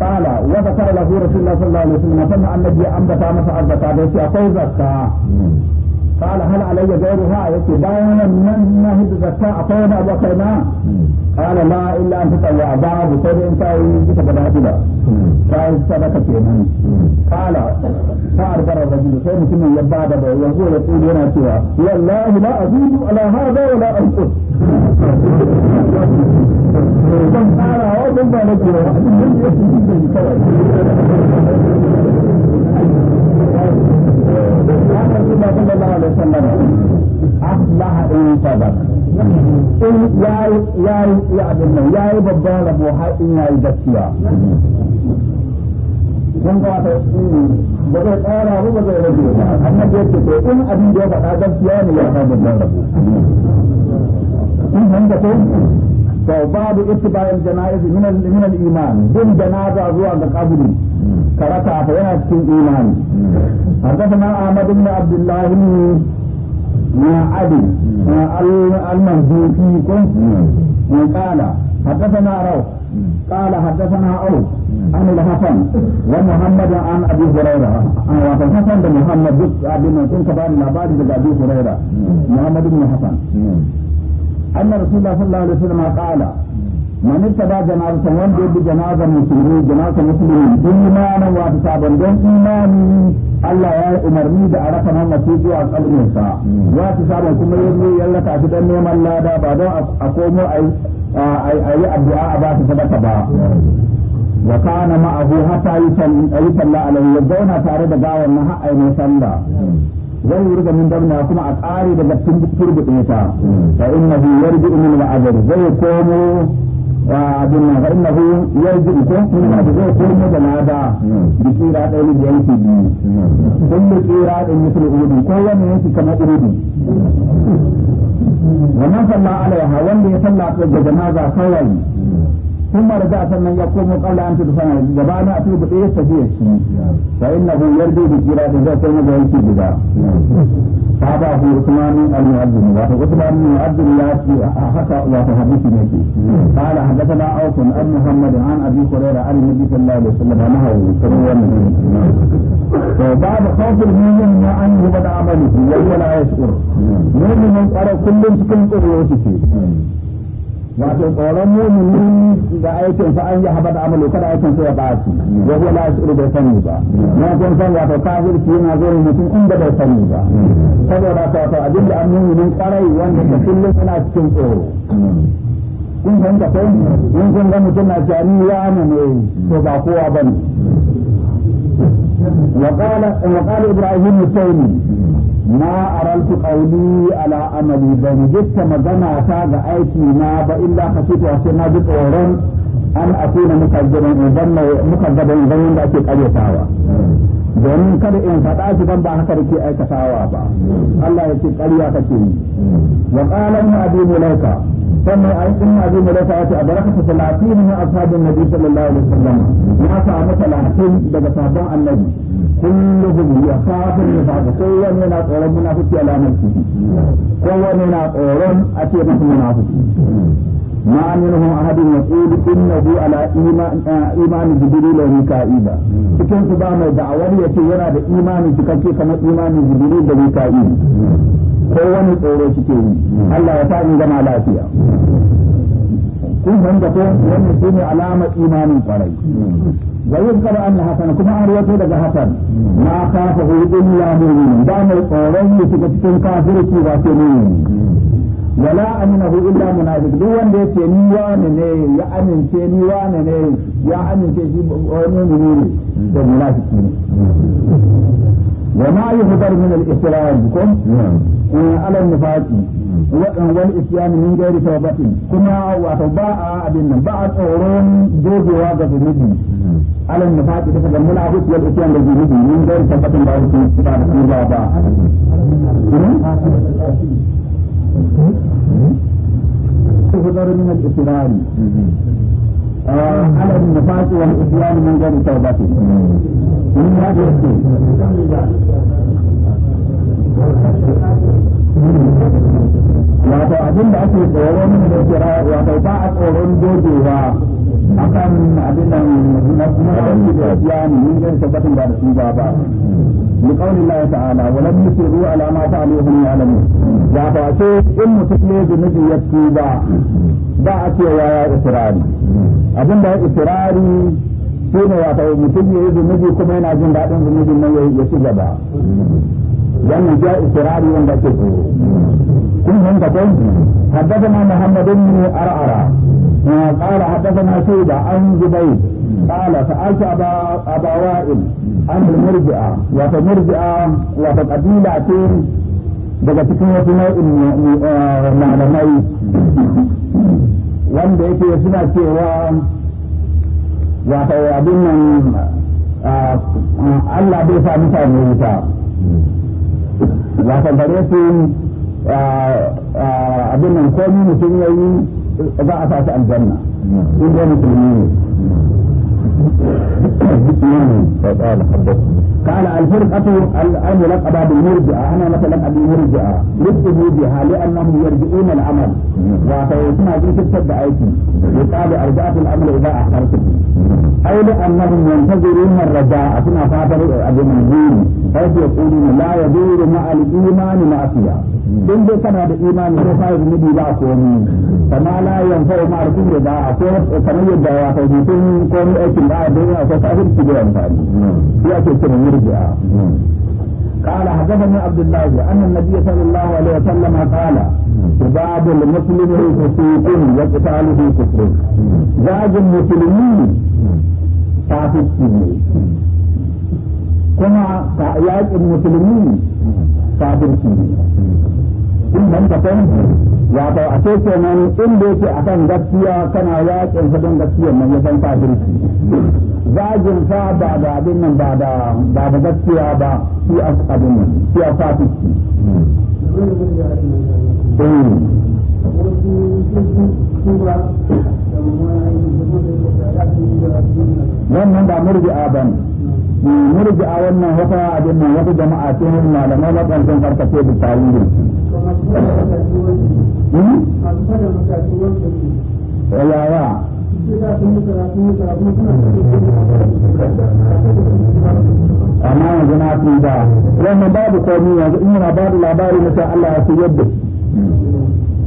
قال وذكر له رسول الله صلى الله عليه وسلم ثم النبي أنبت مسعد بتابعه أقول زكاة قال هل علي غيرها يقول بايانا من نهد زكاة أطونا أبو كرنا قال لا إلا أن تطوع بعض وصد إن كاوي جيت بناتبا قال صدقة من قال فأربر الرجل سيما يباد أبو يقول يقول هنا سوا والله لا أزيد على هذا ولا أنقص ثم قال أو ثم نجرى أن النبي صلى الله عليه وسلم أصبح انتبه إن يا يا يا ابن يا بابا لبو هاي إن يا دكتيا kun ba ta ba zai tsara ba ba zai rage ba amma da yake to in abin da ya faɗa gaskiya ne ya samu da rabu in hanga ko to babu ittiba'il janaiz min al min al iman bin janaza zuwa ga kaburi karata fa yana cikin imani حدثنا احمد بن عبد الله بن علي المهزوكي قال حدثنا روح قال حدثنا عوف عن الحسن ومحمد عن ابي هريره عن الحسن بن محمد بن عبد كنت بعد العباد ابي هريره محمد بن حسن ان رسول الله صلى الله عليه وسلم قال man ittaba janazatan wanda yabi janazar musulmi janazar musulmi imanan wa sabon don imani Allah ya yi umarni da arafa nan mace zuwa kalmin sa wa sabon kuma yayi yallaka shi dan neman lada ba don a komo a yi addu'a a ba ta sadaka ba wa kana ma'ahu hatta yi sallah alaihi ya zauna tare da gawan na ha'ai mai sallah zai yi min damna kuma a ƙare daga turbuɗe ta fa innahu yarji'u min al'ajr zai komo abin nan fa'in na huyu ya ji ko sun da zai kuma da na da da tsira ɗaya da yanki biyu don da tsira ɗin mutum urudin ko yanki wanda ya salla ga janaza kawai ثم رجع سنن يقوم قبل أن تدفن جبانا أتي بإيه سجيه فإنه يرجو بكرا بذات يوم ذلك هذا هو عثمان المؤذن وعثمان المؤذن ياتي حتى حديث نبي قال حدثنا اوس عن محمد عن ابي هريره عن النبي صلى الله عليه وسلم نهى فبعد خوف المؤمن ما ان يبدا عمله وهو لا يشعر مؤمن قال كل سكن قريه wato tsoron mumini da aikin sa an yi haɓar da amalu kada aikin sa ya ɓaci ya zo la shi bai sani ba na kun san wato kafirci na zo mutum inda bai sani ba saboda ta wato abin da an muminin ƙwarai wanda da kullum yana cikin tsoro kun san ka kai in kun ga mutum na cewa ni ya ne to ba kowa ba ne وقال وقال ابراهيم الثاني ما أردت قولي على عملي بني جدت مزنا تاج أيتي ما بإلا خشيت ما جدت ورم أن أكون مكذبا إذن مكذبا إذن لا أكيد أي ساوى domin kada in faɗa shi ban ba haka da ke aikatawa ba Allah ya ce sannan an in abu mu lafa ce a barakatu talatin min ashabin nabi sallallahu alaihi daga sabon annabi kulluhum yakafun nifaq sai wanne na tsoron munafiki alamar ki ko wanne na tsoron a ce masa munafiki ما منهم أحد ba mai da'awar ya yana da imani cikakke kamar imanin jibril da mika'il ko wani tsoro suke yi Allah ya sa in gama lafiya kun da ko wannan shi ne alama imanin kwarai wa yin kaba an hasan kuma an rawaito daga hasan Na kafa hu illa mu'min da mai tsoron ya shiga cikin kafirci ba sai mu'min wala hu illa munafiq duk wanda ya ce ni wane ne ya amince ni wane ne ya amince shi wani ne da munafiki ne wa ma yuhdar min al-islam kun alal nifaqi wadan wal isyani min gairi tawbatin kuma wato ba a abin nan ba a tsoron dogewa ga zunubi alal nifaqi gamul mulahut wal isyani da zunubi min gairi tawbatin ba su ba da kuma ba تهدر من الإصرار على النفاق والإصرار من غير توبته من هذا الشيء wato abin da ake tsoron da kira wato ba a tsoron dogewa akan abin nan na wani da ya ne mun ga tabbatin ba da su ba ba li qawli Allah ta'ala wa lam yusiru ala ma fa'alu hum ya'lamu ya fa ce in mutum ne zunubi ya tuba ba a cewa ya israri abin da ya israri shine wato mutum ya yi zunubi kuma yana jin daɗin zunubin nan ya ci gaba wannan ja israri wanda ke tsoro kun hanta ko haddathana muhammad ibn ar'ara qala haddathana shayba an zubayr qala sa'altu aba aba an murji'a wa fa murji'a wa fa qabila daga cikin wasu nau'in malamai wanda yake suna cewa wato abin nan Allah bai sa mutane wuta wato gare su abin nan komi mutum ya yi za a sa shi aljanna in dai musulmi ne. فقال حدثنا قال الفرقة الملقبة بالمرجعة أنا مثلا مرجعة لست بها لأنهم يرجعون العمل وسيسمع في تلك دعايتي يقال أرجعت الأمر إذا أحررته أو لأنهم ينتظرون الرجاء كما فاتر أبو منزين حيث يقولون لا يدور مع الإيمان معصية in dai kana da imani ko kai nabi ba ko ni kama la yanfa ma arkin da ba ko kamar yadda ya fa mutum ko a aikin da da ya ko kafirci da amfani shi ake cewa murji'a قال حدثني عبد الله ان النبي صلى الله عليه وسلم قال عباد المسلم فسوق يقتاله كفر زاج المسلمين فاسقين كما ياج المسلمين فاسقين in ban ka san wato a ce kenan in da yake kan gaskiya kana yakin sa don gaskiyar nan ya san kafirci zagin sa ba da abin nan ba da ba da gaskiya ba shi a abin nan shi a kafirci eh. wannan ba murji'a ba ne murji'a wannan wata abin nan wata jama'a ce malamai na ƙarshen karkace da tarihin Yawa. Amma yanzu na fi ba, wannan babu komi yanzu in yana ba da labari na sai Allah ya fi yadda.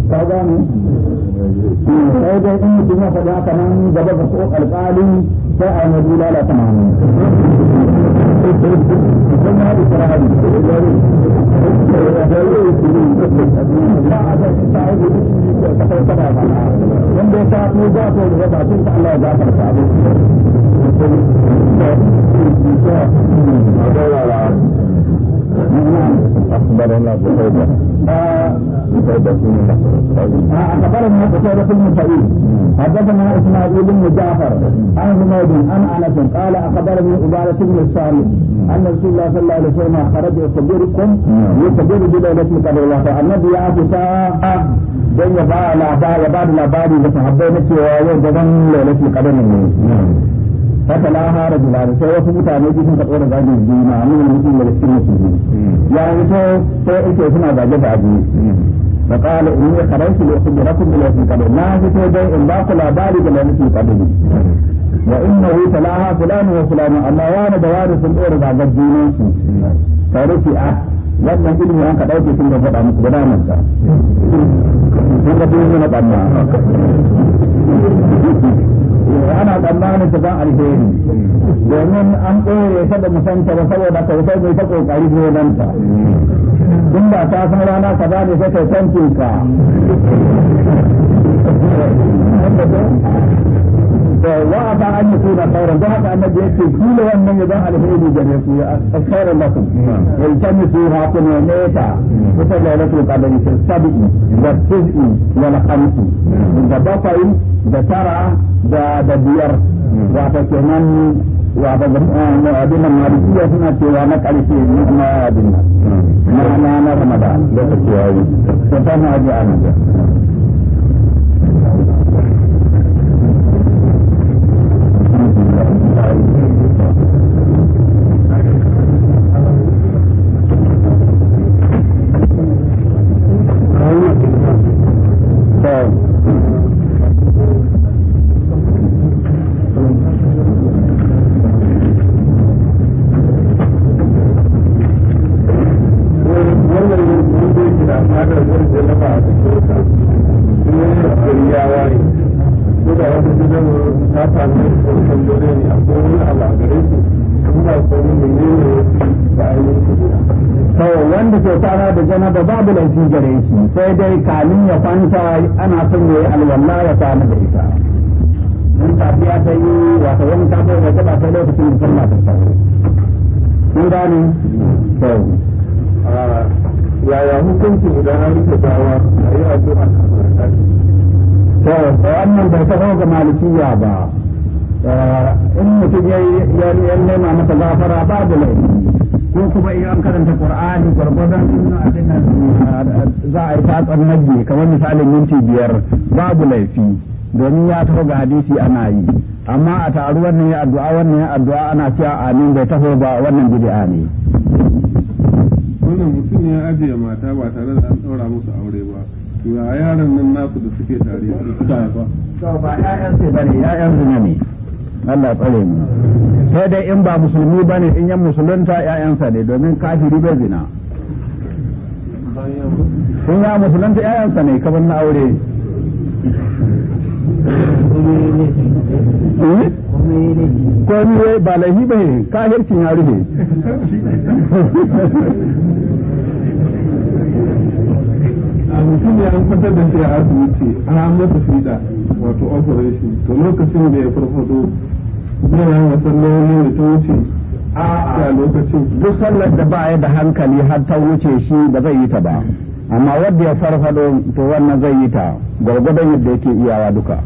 Ka gane? Sai dai in mutum ya faɗa kamar gaba ga ko alƙalin sai a yi mai bulala tamanin. أخبرنا بهذا آه، أخبرنا قتيبة بن سعيد حدثنا إسماعيل بن جعفر عن حميد عن أنس قال أخبرني عبادة بن الصارم أن رسول الله صلى الله عليه وسلم خرج يخبركم يخبر بليلة قبل الله النبي يا فتاة don ya ba labari ya ba da labari da sahabbai na cewa yau gaban lailatul qadar ne haka la hara da sai wasu mutane su sun karɓo da zagin juna amma mutum da cikin musulmi ya yi to sai ake suna zage da abu فقال إني خرجت لأخبركم بالذي قبل ما في دي إن باقوا لابالي بالذي قبلي وإنه تلاها فلان وفلان أما وانا دوارس الأرض على الدينيس فرفع wannan ilimi an ka ɗauke tun da faɗa musu guda nan ka tun da tun yana ɓanna ana tsammanin ta ban alheri domin an ɗore ta da musanta ba saboda kautai mai ta ƙoƙari ne nan ta in ba ta san rana ka ba ne sai kai tantin ka wa a ba an yi suna sauran don haka annabi ya ce kila wannan ya zan alheri gare su a sauran lasu wai can yi suna ku ne ne ta kusa da lasu kadari sai sabi'i da tis'i da lakamsu da bakwai da tara da biyar wata kenan wa ba ma eh, nan malikiya suna cewa na ƙarfe na abin nan na na ramadan lokaci yayi to ta na ji anan sai dai kamin ya kwanta ana son ya yi alwala ya kwana da ita in safiya ta yi wata wanka ko wata ba ta lokacin da sallah ta tsaro kun gane to ah, yaya hukunci idan an rike gawa a yi addu'a to wannan bai taho ga malikiya ba ah, in mutum ya nema masa gafara babu laifi ko kuma in an karanta qur'ani gwargwadon abin ah, za a yi fatsar nage kamar misalin minti biyar babu laifi domin ya taho ga hadisi ana yi amma a taru wannan ya addu'a wannan ya addu'a ana cewa amin bai taho ba wannan bid'a ne wannan mutum ya ajiye mata ba tare da an ɗaura musu aure ba to yaran nan nasu da suke tare suka haifa ba ƴaƴan sai bane ƴaƴan zina ne Allah tsare mu sai dai in ba musulmi ba ne in yan musulunta ‘ya’yansa ne domin kafiri bai zina in ya musulunta ‘ya’yansa ne kamar na aure eh? komi ni ba laifi ba ne kafircin ya rufe mutum ya da shi a asibiti duk sallar da ba ya da hankali har ta wuce shi ba zai yi ta ba amma wadda ya farfado to wannan zai yi ta gwargwadon yadda yake iyawa duka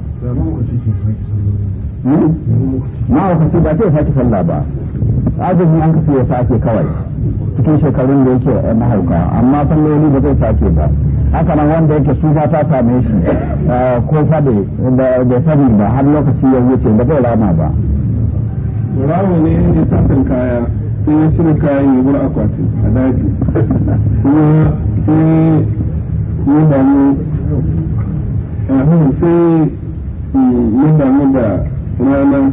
ma'aikaci ba zai hmm? sake sallah ba azumi an kasu ya sake kawai cikin shekarun da yake mahauka amma salloli ba zai sake ba haka nan wanda yake sufa ta same shi eh, ko fade da sani ba har lokaci ya wuce ba zai rana ba rawo ne ya tafin kaya sai ya shirya kayan ya wuri akwati a daji kuma sai ya damu eh, sai ya damu da rana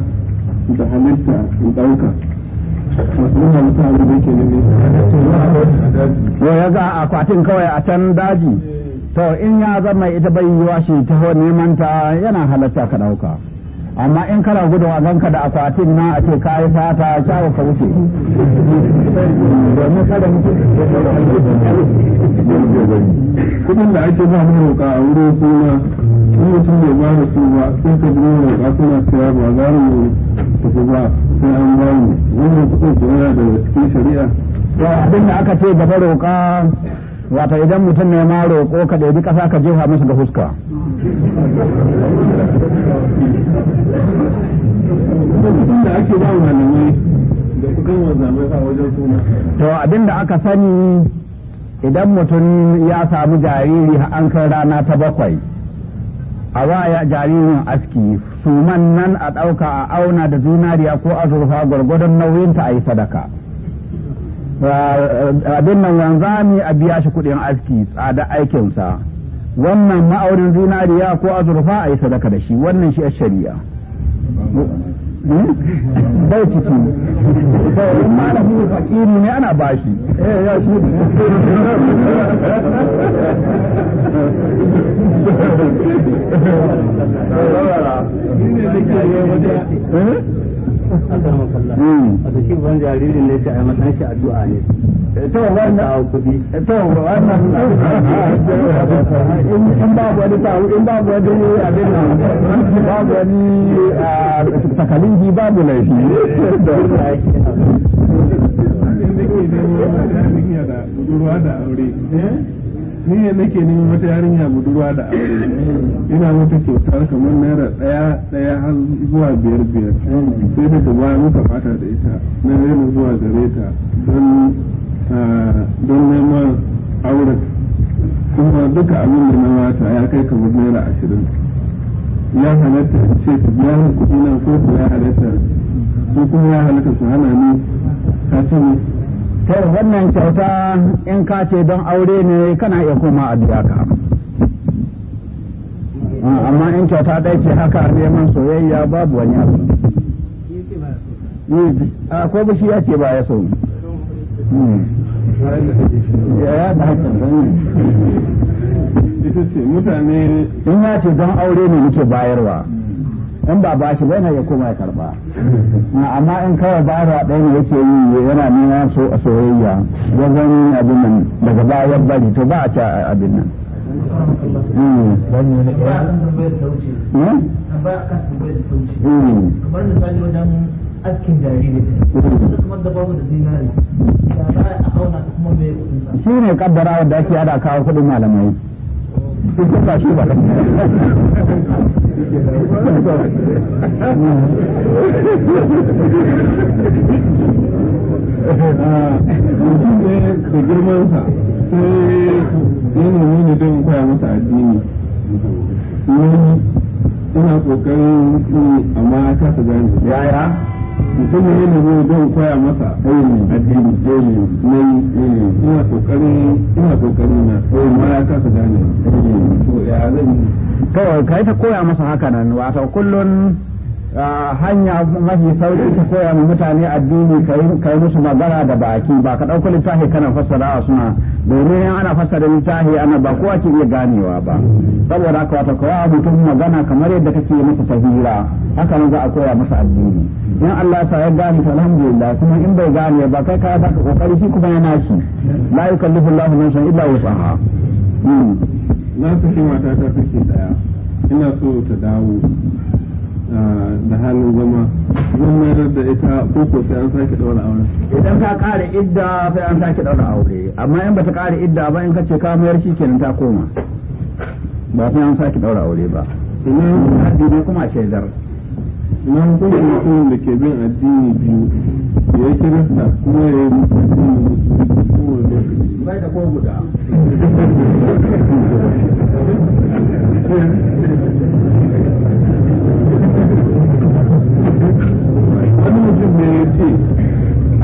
da halitta da ɗauka ya za a akwatin kawai a can daji to in ya zama ita bai yiwa shi ta neman ta yana halatta ka ɗauka. amma in kana gudun a ganka da akwatin na a ce ka yi fata kyawu ka wuce domin kada kudin da ake ba mu roƙa a wurin suna in mutum bai ba da su ba sai ka biyo roƙa suna saya ba za mu tafi ba sai an ba mu wannan kudin da da cikin shari'a to abin da aka ce gaba roƙa Wata idan mutum ne ma roƙo ka ɗaiɗi ƙasa ka jefa masa ga fuska to abin da aka sani idan mutum ya samu jariri an kai rana ta bakwai a waya jaririn aski suman nan a ɗauka a auna da zinariya ko azurfa gwargwadon nauyinta a yi sadaka abin nan ne a biya shi kuɗin aski tsada aikinsa wannan ma'aurin zinariya ko azurfa a yi sadaka da shi wannan shi a shari'a hmm? bai ciki in malami fakiri ne ana bashi eh wato shi ban jaririn ne ta a matan shi addu'a ne to wannan kuɗi to wannan in babu wani tawo in babu wani abin nan babu wani sakalinji babu laifi da ni ne nake neman wata yarinya budurwa da aure ina mata kyautar kamar naira ɗaya-ɗaya har zuwa biyar biyar sai da baya muka fata da ita na raina zuwa gare ta ah, don neman aure kuma duka abin da na wata ya kai kamar naira ashirin ya halatta ce ta biya kuɗi na ko ya halatta ko kuma ya halatta su hana ni ta ce to wannan kyauta in ka ce don aure ne kana iya koma a biya ka amma in kyauta ɗaya ce haka neman soyayya babu wani abu hmm. a ko bishi ya ce ba ya so hmm. in ya ce don aure ne muke bayarwa in ba ba shi bane ya koma ya karba ah, amma in kawai ba da ɗaya ne yake yi yana nuna so a soyayya wajen abin nan daga bayan bari to ba a ci abin nan shi ne kaddara wadda ake hada kawo kudin malamai sun ba mutum ne girmansa sai yana nuna masa addini wani ina kokarin amma yaya mutumin yana ne don koya masa addini ne eh, ina kokarin ina kokarin na amma eh, ya kasa gane to ya zan kawai kai ta koya masa haka nan wato kullun hanya mafi sauki ta koya wa mutane addini ka yi musu magana da baki ba ka ɗauko littafi kana fassara a suna domin in ana fassara littafi ana ba kowa ke iya ganewa ba saboda haka wata a mutum magana kamar yadda kake masa tahira haka nan za a koya masa addini in Allah ya ya gane ta alhamdulillah kuma in bai gane ba kai ka baka kokari shi kuma yana shi la yukallifu Allahu nafsan illa wusaha hmm. na saki mata ta take daya ina so ta dawo da halin zama zan mayar da ita ko ko sai an sake daura aure idan ka kare idda sai an sake daura aure amma in bata kare idda ba in ka ce ka mayar shi kenan ta koma ba sai an sake daura aure ba ina haddi ne kuma nan ina ne ko da ke bin addini biyu ya yi kirista kuma ya yi musulmi ko da ko guda kuma ya ce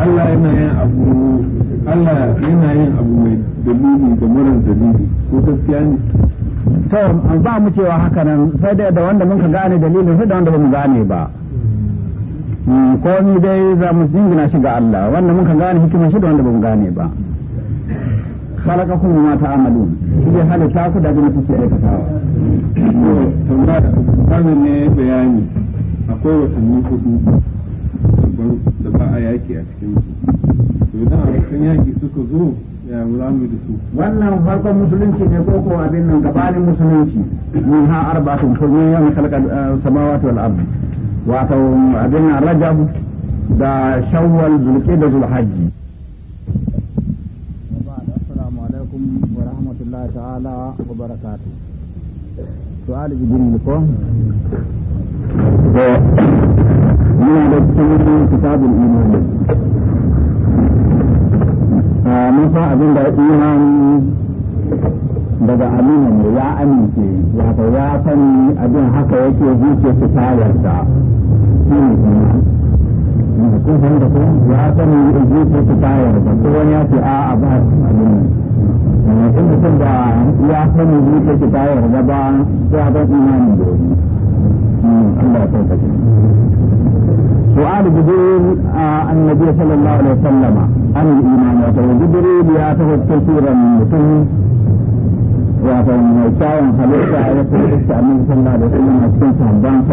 Allah yana yin abu Allah yana yin abu mai dalili da murar dalili ko gaskiya ne to ba mu cewa haka nan sai dai da wanda muka gane dalilin sai da wanda bamu gane ba hmm, ko ni dai za mu jingina shi ga Allah wanda muka gane hikimar shi da wanda bamu gane ba khalaqakum ma ta'malun shi ya ta ku da abin da kuke aikatawa to tambaya ne bayani akwai watanni hudu da ba a yaki a cikin su yaki suka zo ya da su wannan farkon musulunci ne ko ko abin nan gabanin musulunci ne ha ko musulmi yawm khalaqa eh, samawati wal ard wato abin nan rajab da shawwal zulqa'da zulhajji assalamu alaikum wa rahmatullahi ta'ala wa barakatuh su'al jibril ko muna da cikin kitabul imani a ah, mun san abin da imani daga amina ne ya amince wato ya sani abin haka yake kun san da ko ya sani zuciya su tayarsa ko wani ya ce a a ba abin in mutum da ya sani zuciya tayar da ba ya ban imani da wani hmm, Allah ya sauka سؤال جبريل آه النبي صلى الله عليه وسلم عن الإيمان وقال جبريل يأخذ كثيرا من مسلم وقال من الشاعر خليفة آية يقول النبي صلى الله عليه وسلم أكثر صحبانك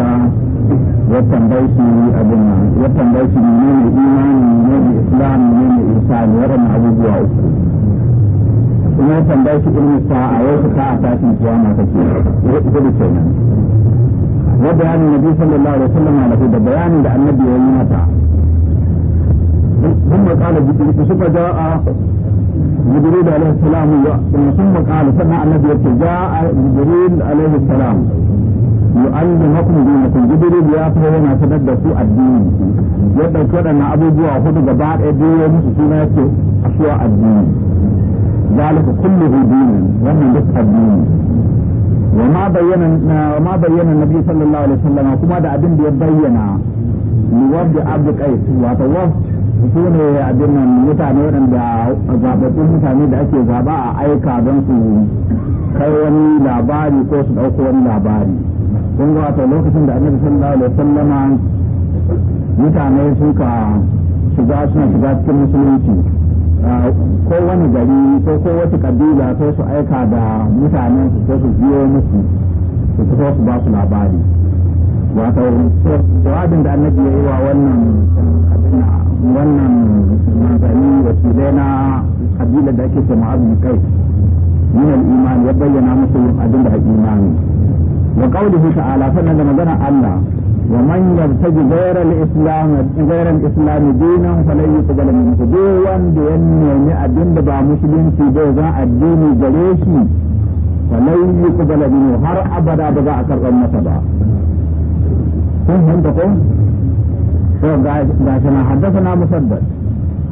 يتنبيش أبنا يتنبيش من الإيمان من الإسلام من الإنسان ورم أبو بوعوك kuma tambaye shi ilmi sa'a yau ka a tashin kiyama take gudu kenan بيان النبي صلى الله عليه وسلم على هذا بيان ده النبي ويناتا ثم قال بسوف جاء جبريل عليه السلام ثم قال سمع النبي جاء جبريل عليه السلام yu'allimakum dinakum jibril ya fara yana sanar da su addini ya dauki waɗannan abubuwa hudu gaba ɗaya biyo musu suna yake ashuwa addini zalika kulluhu dinin wannan duk addini wa ma bayyana بين النبي صلى الله عليه وسلم كما da ابن da bayyana liwar abdu qais wato wa su ne abin nan mutane waɗanda zaɓaɓɓun mutane da ake zaba a aika don su kai wani labari ko su ɗauko wani labari kun ga wato lokacin da annabi sallallahu alaihi wasallama mutane suka shiga suna shiga cikin musulunci Ah, ko wani gari ko ko wata kabila sai su aika da mutanen su sai su biyo musu su fito su ba su labari wato jawabin da annabi ya yi wa wannan wannan manzanni na kabila da ake sama abin kai min al-iman ya bayyana musu abin da imani wa qawluhu ta'ala sannan da magana Allah ومن يرتج غير الاسلام غير الاسلام دينا فلا يقبل منه دوا بان ادم بابا مسلم في دوزا الدين جريشي فلن يقبل منه هر ابدا بابا اكثر من سبع فهم تقول فقال طيب، حدثنا مسدد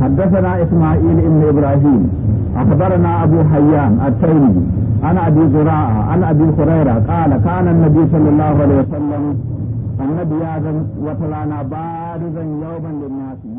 حدثنا اسماعيل ابن ابراهيم اخبرنا ابو حيان التيمي عن ابي زراعه عن ابي هريره قال كان النبي صلى الله عليه وسلم annabi ya zan wata rana ba da zan yawman linnasi